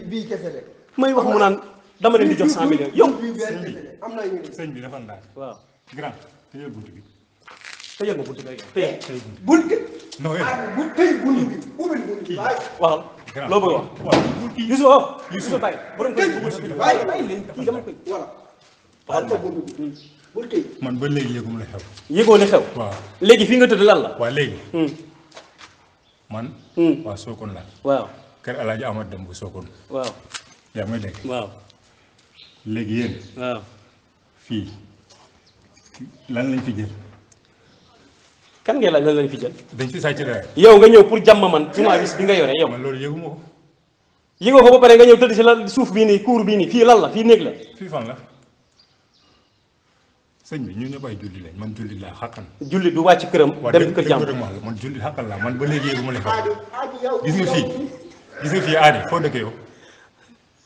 bii kese la may wax mu naan dama leen di jox cent millions yow. am na ñu sëñ bi dafa laaj. waaw grand tëjal bunt bi. tëjal ma bunt bi tëjal. Eh, bunt non eh. bu tëj bunt bi ubbil bunt bi waaw loo bëgg wax. waaw Youssou waaw oh. Youssou bàyyi borom kër gi bàyyi bàyyi leen kii dama koy voilà. waaw bul tëj man ba léegi yëguma la xew. yëgoo li xew. waaw léegi fi nga tëdd lan la. waaw léegi. Hmm. man. Hmm. waa Sokone la waaw. kër ala Amad Dem bu Sokone. waaw ya may Wow. waaw fi jël. kan ngay lan lañ fi jël. dañ fi sàcc dara. yow nga ñëw pour jàmm man ci bis bi nga yore yow. man loolu suf ko. kur ko ba pare nga negla. Fi si la suuf bii nii kuur hakan. nii fii lan la fii néeg la. fii fan la. bi ñu man julli julli du la gis nga gis nga fii aadi foo dëkk yow.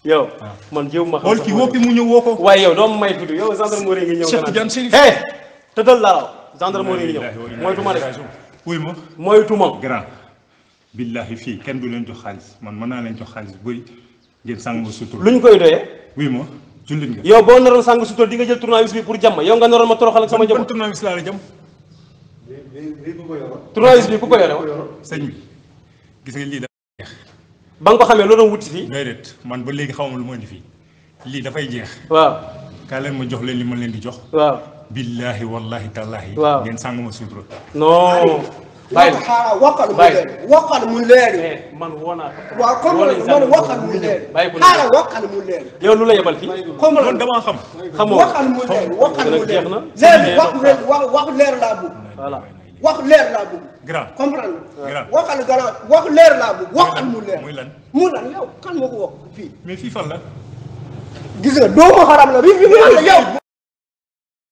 yow ah. man jiw ma. xool kii woo ki mu ñëw woo ko. waaye yow doo may tudd yow gendarmerie ngi ñëw. Cheikh Tidiane Chérif hey tëddal laaw. gendarmerie ngi ñëw mooy tuma de. wuy ma mooy tuma. grand billahi fii kenn du leen jox xaalis man mën naa leen jox xaalis bëri ngeen sàng ma sutur. luñ koy doyee. wuy ma jullit nga. yow boo naroon sàng sutur di jël tournevis bi pour jàmm yow nga naroon ma toroxal ak sama jàmm. ban tournevis laa la jàmm. tournevis bi ku ko yore woon. sëñ bi gis nga lii ba nga ko xamee loo doon wuti fii. déedéet man ba léegi xaw ma lu ma indi fii lii dafay jeex. waaw kaa leen ma jox leen li ma leen di jox. waaw billaahi wallaahi tallaahi. waaw ngeen sàng ma sutura. non. bàyyi la waxal mu leer waxal mu leer. Eh, man woo naa ko. waaw comme man waxal mu leer. bàyyi ko xaaral waxal mu leer. yow lu la yebal fii. comme man damaa xam. xamoo waxal mu leer waxal mu leer. leer wax leer laa bëgg. wax leer laa bëgg. grand comprendre nga. waxal grand wax leer laa bëgg. mu leer mu lan yow kan moo wax fii. mais fii fan la. gis nga doomu xaram la bi fi mu yow.